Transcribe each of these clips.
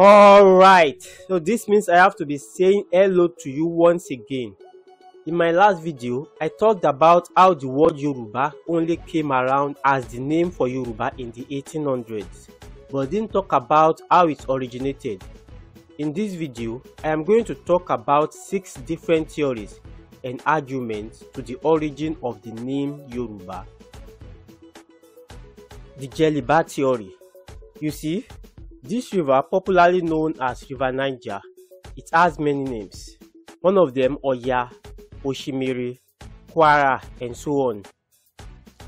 all right so this means i have to be saying hello to you once again in my last video i talked about how the word yoruba only came around as the name for yoruba in the 1800s but didn't talk about how it originated in this video i am going to talk about six different theories and arguments to the origin of the name yoruba the jelly bar theory you see This river, popularly known as River Niger, it has many names. One of them Oya, Oshimiri, Kwara, and so on.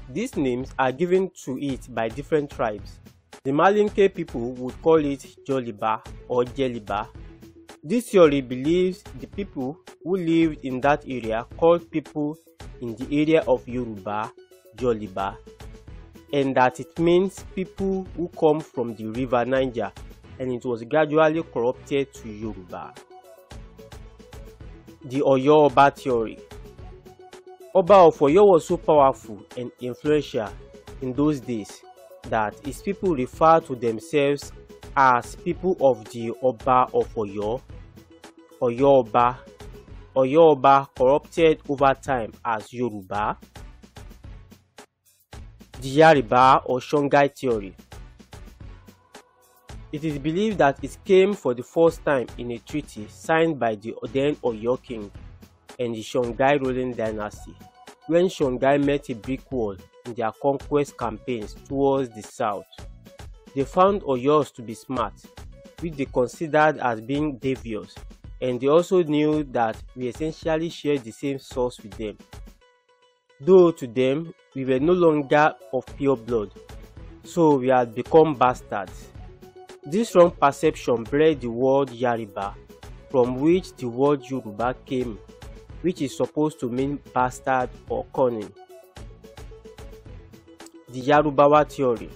These names are given to it by different tribes. The Malinke people would call it Joliba or Jeliba. This theory believes the people who lived in that area called people in the area of Yoruba, Joliba, and that it means people who come from the river Niger and it was gradually corrupted to Yoruba. The Oyo Oba theory Oba of Oyo was so powerful and influential in those days that his people refer to themselves as people of the Oba of Oyo, Oyo Oba, Oyo Oba corrupted over time as Yoruba, the Yariba or Songhai theory. It is believed that it came for the first time in a treaty signed by the Oden Oyo king and the Shanghai ruling dynasty when Shanghai met a brick wall in their conquest campaigns towards the south. They found Oyos to be smart, which they considered as being devious, and they also knew that we essentially shared the same source with them though to them we were no longer of pure blood, so we had become bastards. This wrong perception bred the word Yariba, from which the word Yoruba came, which is supposed to mean bastard or cunning. The Yarubawa theory.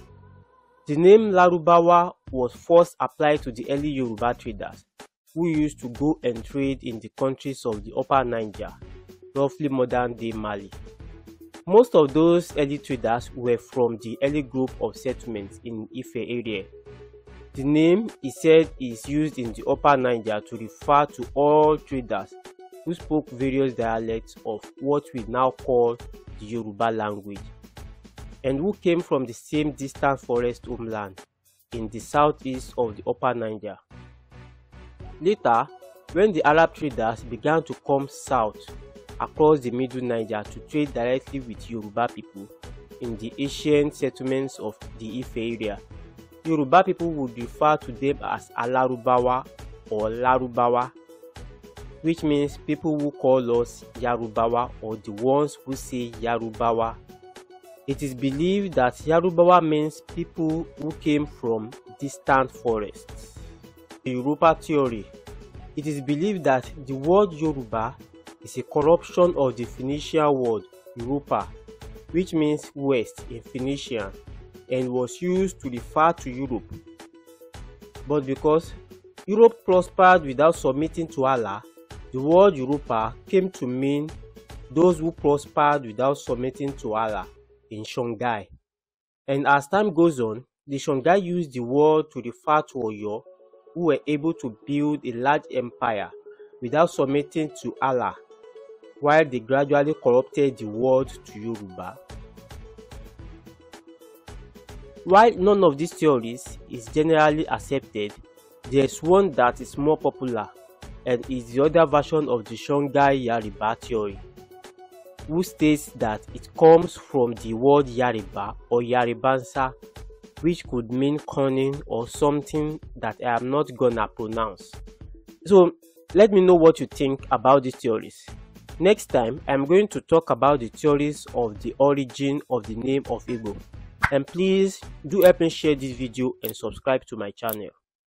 The name Larubawa was first applied to the early Yoruba traders who used to go and trade in the countries of the Upper Niger, roughly modern-day Mali. Most of those early traders were from the early group of settlements in Ife area. The name he said is used in the upper Niger to refer to all traders who spoke various dialects of what we now call the Yoruba language and who came from the same distant forest homeland in the southeast of the upper Niger. Later, when the Arab traders began to come south across the middle Niger to trade directly with Yoruba people in the ancient settlements of the Ife area. Yoruba people would refer to them as Alarubawa or Larubawa, which means people who call us Yarubawa or the ones who say Yarubawa. It is believed that Yarubawa means people who came from distant forests. The Yoruba theory. It is believed that the word Yoruba is a corruption of the Phoenician word Europa, which means west in Phoenician and was used to refer to Europe. But because Europe prospered without submitting to Allah, the word Europa came to mean those who prospered without submitting to Allah in Shanghai. And as time goes on, the Shanghai used the word to refer to Oyo, who were able to build a large empire without submitting to Allah while they gradually corrupted the word to Yoruba. While none of these theories is generally accepted, there is one that is more popular and is the other version of the Songhai Yariba theory, who states that it comes from the word Yariba or Yaribansa, which could mean cunning or something that I am not gonna pronounce. So let me know what you think about these theories. Next time, I'm going to talk about the theories of the origin of the name of Igbo. And please do help me share this video and subscribe to my channel.